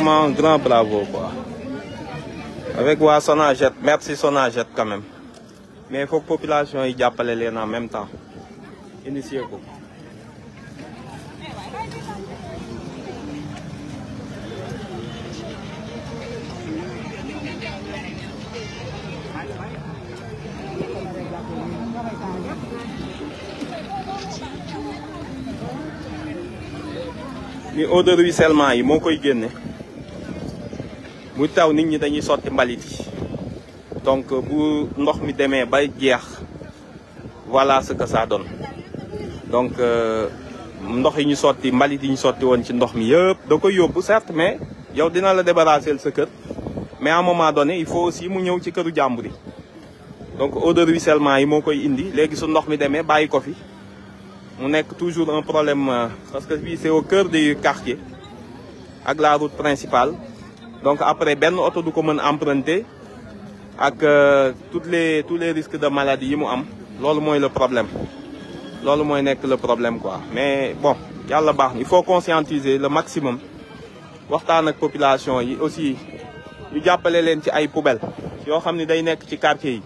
vraiment un grand bravo quoi. Avec son agette, merci son agette quand même. mais il faut que population y les les en même temps Initiez-vous. Mais au-delà de ruissellement yi moo koy gagné muy taw nit ñi dañuy sotti mbalit donc bu ndox mi démé bay jeex voilà ce que ça donne donc euh, ndox yi ñu sotti mbalit yi ñu sotti won ci ndox mi yépp da koy yóbbu certes mais yow dina la débarrasser ce kër mais à un moment donné il faut aussi mu ñëw ci këru jàmbur donc eau de ruissellement yi moo koy indi léegi su ndox mi démé bàyyi ko fi mu nekk toujours un problème euh, parce que fii c'est au cœur du quartier ak la route principale donc après ben autre du ko avec emprunter ak euh, les tous les risques de maladie yi am loolu le problème loolu n'est que le problème quoi mais bon a baax na il faut conscientiser le maximum waxtaan notre population yi aussi ñu jàppale leen ci ay poubelles yoo xam ne day nekk ci quartier yi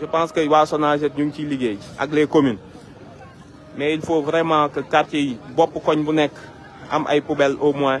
je pense que waa SONAGED ñu ngi qui liggéey avec les communes mais il faut vraiment que quartier yi bopp koñ bu nekk am ay poubelles au moins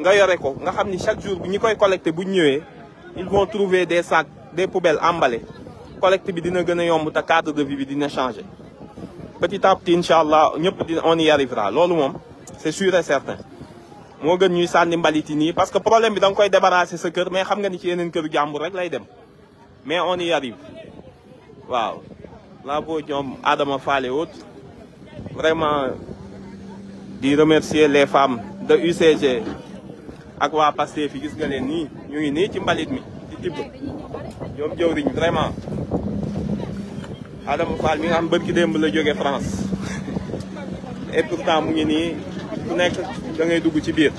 nga nous ko chaque jour ñi koy collecté ils vont trouver des sacs des poubelles emballées collecte bi dina gën cadre de vie bi changer petit à petit Inch'Allah, on y arrivera c'est sûr et certain Nous gën ñuy sànni mbalit parce que le problème bi de koy débarrasser ce cœur, mais xam nga ni ci yeneen mais on y arrive Wow. Là, vous ñoom Adam Fall autres vraiment di remercier les femmes de UCG ak wa passé fi gis nga len ni ñu ngi nii ci mbalit mi ci tibb ñoom jëwriñ vraiment adam Fall mi nga am barki demb la joggé France et pourtant mu ngi ni ku nekk da ngay dugg ci biir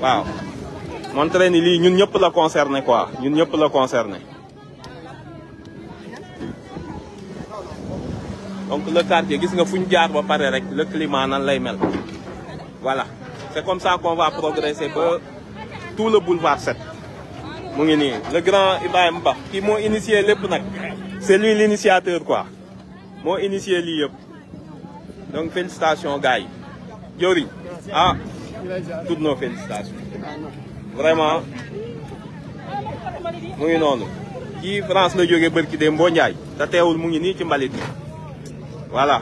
waaw montré ni li ñun ñëpp la concerné quoi ñun ñëpp la concerné donc le quartier gis nga fu jaar ba paré rek le climat nan lay mel voilà C'est comme ça qu'on va progresser pour tout le boulevard 7. Le grand Ibrahim Ba, qui m'a initié les C'est lui l'initiateur, quoi. M'a initié lui. Donc, félicitations, gars. Yori, ah, toutes nos félicitations. Vraiment. mu Qui France le jógee qui de Mbow Ndiaye te teewul mu ngi ci mbalit voilà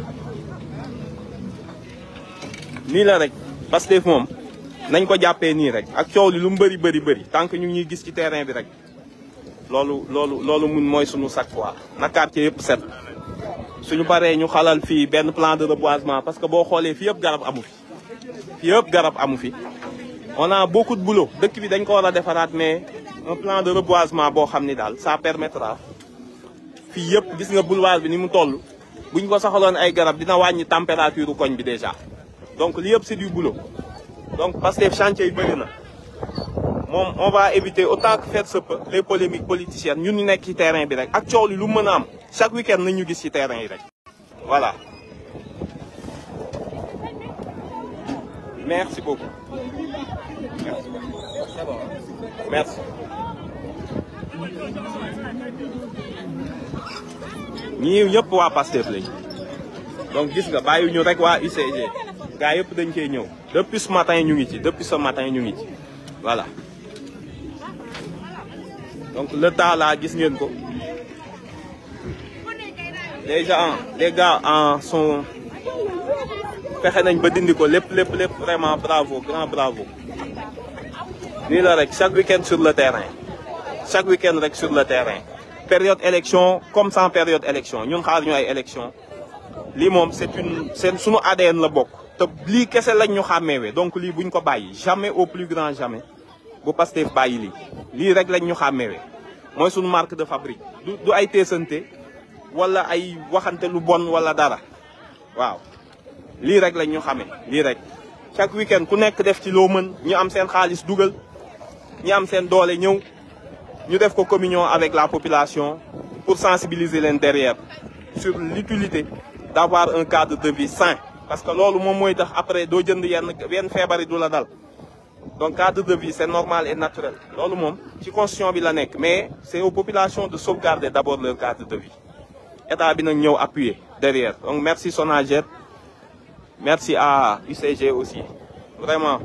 nii la Pastef moom nañ ko jàppee nii rek ak coow li lu mu bëri bëri bëri tant que ñu ngi ñuy gis ci terrain bi rek loolu loolu loolu mun mooy suñu sac quoi na quartier yëpp set suñu paree ñu xalal fii benn plan de reboisement parce que boo xoolee fii yëpp garab amu fi fii yëpp garab amu fi on a beaucoup de dëkk bi dañ ko war a defaraat mais un plan de reboisement boo xam ni daal ça permettra fii yëpp gis nga boulevard bi ni mu toll buñ ko saxaloon ay garab dina wàññi température koñ bi déjà donc li c'est du boulot donc Pasteur chantier on va éviter autant que faire les polémiques politiciennes nous sommes nekk le terrain Actuellement, chaque week-end nous sommes qui terrain voilà merci beaucoup merci Nous, sommes sommes le lañ donc nous, nga bàyyi ñu rek gars yëpp dañ cey ñew depuis ce matin ñu ngi ci depuis ce matin ñu ngi ci voilà donc le ta là gis ngeen ko les hein, gens les gars en hein, sont fexe nañ ba dindi ko lepp lepp lepp vraiment bravo grand bravo ni la rek chaque week-end sur le terrain chaque week-end rek sur le terrain période élection comme sans période élection ñun xaar ñu ay élection li mom c'est une c'est sunu ADN la bokk te lii kese donc li buñ ko bàyyi jamais au plus grand jamais bu Pastef baye li li rek lañ ñu xàmmeewee mooy suñu marque de fabrique du du ay teesante wala ay waxanté lu bon wala dara waaw li rek lañ ñu xamee lii rek chaque week-end ku nekk def ci lo meun ñu am sen xaalis duggal ñu am sen doole ñew ñu def ko communion avec la population pour sensibiliser l'intérieur derrière sur l'utilité d'avoir un cadre de vie sain parce que ce qui est après il jënd yenn faire donc cadre de vie c'est normal et naturel loolu moom ci constitution bi la mais c'est aux populations de sauvegarder d'abord leur cadre de vie Et d'abord nous ñëw derrière donc merci Sonager, merci à UCG aussi vraiment